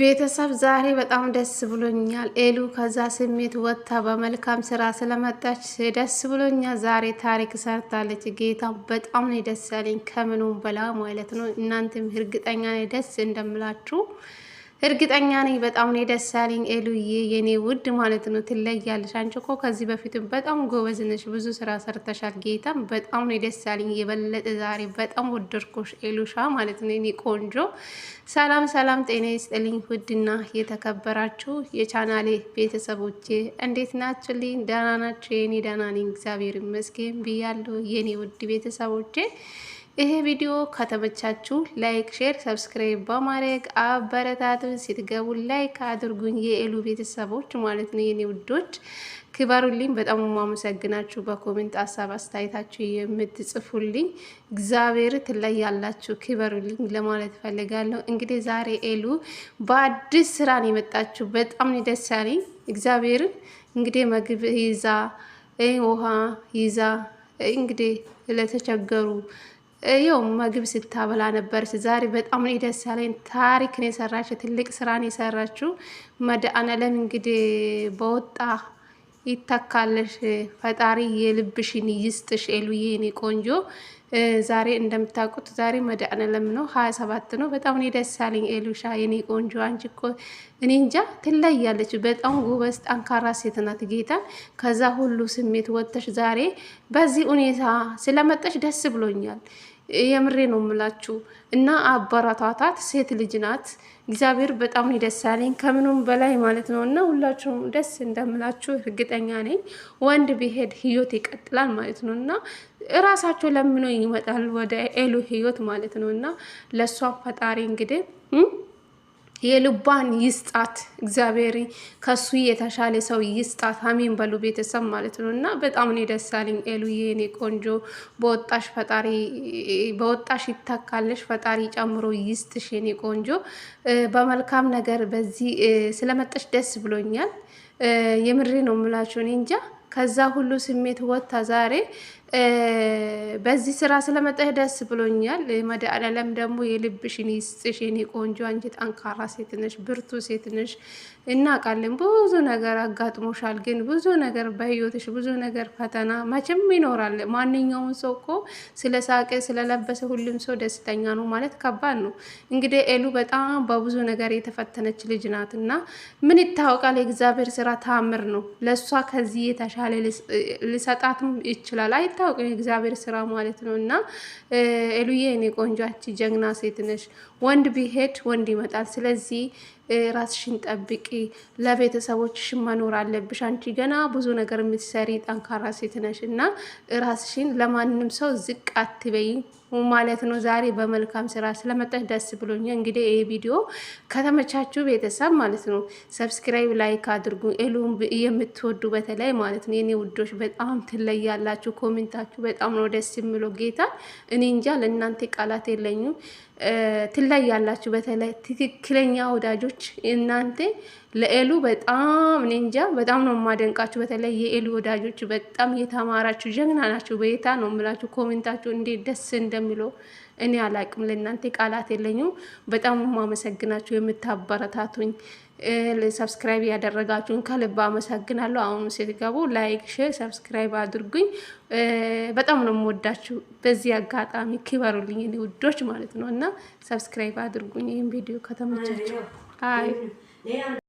ቤተሰብ ዛሬ በጣም ደስ ብሎኛል። ኤሉ ከዛ ስሜት ወጥታ በመልካም ስራ ስለመጣች ደስ ብሎኛል። ዛሬ ታሪክ ሰርታለች። ጌታ በጣም ነው ደስ ያለኝ ከምኑም በላ ማለት ነው። እናንተም እርግጠኛ ነኝ ደስ እንደምላችሁ እርግጠኛ ነኝ በጣም ነው ደስ ያለኝ። ኤሉዬ የኔ ውድ ማለት ነው ትለያለሽ። አንቺ እኮ ከዚህ በፊትም በጣም ጎበዝ ነሽ፣ ብዙ ስራ ሰርተሻል። ጌታም በጣም ነው ደስ ያለኝ የበለጠ ዛሬ በጣም ወደድኩሽ ኤሉሻ ማለት ነው የኔ ቆንጆ። ሰላም ሰላም፣ ጤና ይስጥልኝ ውድና የተከበራችሁ የቻናሌ ቤተሰቦቼ እንዴት ናችሁልኝ? ደህና ናችሁ? የኔ ደህና ነኝ እግዚአብሔር ይመስገን ብያለሁ የኔ ውድ ቤተሰቦቼ ይሄ ቪዲዮ ከተመቻችሁ ላይክ፣ ሼር፣ ሰብስክራይብ በማድረግ አበረታቱን። ስትገቡ ላይክ አድርጉኝ የኤሉ ቤተሰቦች ማለት ነው። የኔ ውዶች ክበሩልኝ። በጣም ማመሰግናችሁ በኮሜንት ሀሳብ አስተያየታችሁ የምትጽፉልኝ እግዚአብሔር ያላችሁ ክበሩልኝ ለማለት ፈልጋለሁ። እንግዲህ ዛሬ ኤሉ በአዲስ ስራ ነው የመጣችሁ። በጣም ነው ደስ ያለኝ። እንግዲህ ምግብ ይዛ ውሃ ይዛ እንግዲህ ለተቸገሩ ይኸው ምግብ ስታበላ ነበረች። ዛሬ በጣም ነው ደስ ያለኝ ታሪክን የሰራችው ትልቅ ስራን የሰራችው መድኃኔዓለም እንግዲህ በወጣ ይታካለሽ። ፈጣሪ የልብሽን ይስጥሽ ኤሉዬ የኔ ቆንጆ። ዛሬ እንደምታውቁት ዛሬ መድኃኒዓለም ነው፣ ሀያ ሰባት ነው። በጣም እኔ ደስ ያለኝ ኤሉሻ የኔ ቆንጆ አንቺ እኮ እኔ እንጃ ትለያለች። በጣም ጎበዝ ጠንካራ ሴት ናት። ጌታ ከዛ ሁሉ ስሜት ወጥተሽ ዛሬ በዚህ ሁኔታ ስለመጠሽ ደስ ብሎኛል። የምሬ ነው የምላችሁ እና አበረታታት። ሴት ልጅ ናት። እግዚአብሔር በጣም ነው ደስ ያለኝ ከምንም በላይ ማለት ነው። እና ሁላችሁም ደስ እንደምላችሁ እርግጠኛ ነኝ። ወንድ ቢሄድ ህይወት ይቀጥላል ማለት ነው እና እራሳቸው ለምነው ይመጣል ወደ ኤሉ ህይወት ማለት ነው እና ለእሷ ፈጣሪ እንግዲህ የልቧን ይስጣት እግዚአብሔር ከሱ የተሻለ ሰው ይስጣት። አሜን በሉ ቤተሰብ ማለት ነው። እና በጣም ነው ደስ አለኝ ኤሉዬ፣ የኔ ቆንጆ በወጣሽ ፈጣሪ በወጣሽ ይተካለሽ ፈጣሪ ጨምሮ ይስጥሽ የኔ ቆንጆ። በመልካም ነገር በዚህ ስለመጠሽ ደስ ብሎኛል። የምሬ ነው የምላችሁ። እንጃ ከዛ ሁሉ ስሜት ወጥታ ዛሬ በዚህ ስራ ስለመጣሽ ደስ ብሎኛል። መድኃኒዓለም ደግሞ የልብሽን ይስጥሽ የኔ ቆንጆ፣ አንቺ ጠንካራ ሴት ነሽ፣ ብርቱ ሴት ነሽ። እናውቃለን ብዙ ነገር አጋጥሞሻል፣ ግን ብዙ ነገር በህይወትሽ ብዙ ነገር ፈተና መቼም ይኖራል። ማንኛውም ሰው እኮ ስለ ሳቄ ስለለበሰ ሁሉም ሰው ደስተኛ ነው ማለት ከባድ ነው። እንግዲህ ኤሉ በጣም በብዙ ነገር የተፈተነች ልጅ ናት እና ምን ይታወቃል፣ የእግዚአብሔር ስራ ታምር ነው። ለእሷ ከዚህ የተሻለ ልሰጣትም ይችላል አይታ አታውቅም፣ የእግዚአብሔር ስራ ማለት ነው። እና ኤሉዬ እኔ ቆንጆ ጀግና ሴት ነሽ። ወንድ ቢሄድ ወንድ ይመጣል። ስለዚህ ራስሽን ጠብቂ፣ ለቤተሰቦችሽን መኖር አለብሽ። አንቺ ገና ብዙ ነገር የምትሰሪ ጠንካራ ሴት ነሽ እና ራስሽን ለማንም ሰው ዝቅ አትበይ። ማለት ነው። ዛሬ በመልካም ስራ ስለመጣች ደስ ብሎኛል። እንግዲህ ይህ ቪዲዮ ከተመቻችሁ ቤተሰብ ማለት ነው ሰብስክራይብ፣ ላይክ አድርጉ። ኤሉን የምትወዱ በተለይ ማለት ነው የኔ ውዶች በጣም ትለያላችሁ። ኮሜንታችሁ በጣም ነው ደስ የሚለው። ጌታ እኔ እንጃ ለእናንተ ቃላት የለኝም። ትለያላችሁ። በተለይ ትክክለኛ ወዳጆች እናንተ ለኤሉ በጣም ኔንጃ በጣም ነው የማደንቃችሁ። በተለይ የኤሉ ወዳጆች በጣም እየተማራችሁ ጀግና ናችሁ። በየታ ነው የምላችሁ። ኮሜንታችሁ እንዴት ደስ እንደሚለው እኔ አላቅም። ለእናንተ ቃላት የለኝም። በጣም የማመሰግናችሁ የምታበረታቱኝ፣ ሰብስክራይብ ያደረጋችሁን ከልብ አመሰግናለሁ። አሁኑ ስትገቡ ላይክ፣ ሼር፣ ሰብስክራይብ አድርጉኝ። በጣም ነው የምወዳችሁ። በዚህ አጋጣሚ ክበሩልኝ እኔ ውዶች ማለት ነው እና ሰብስክራይብ አድርጉኝ ይህን ቪዲዮ ከተመቻችሁ አይ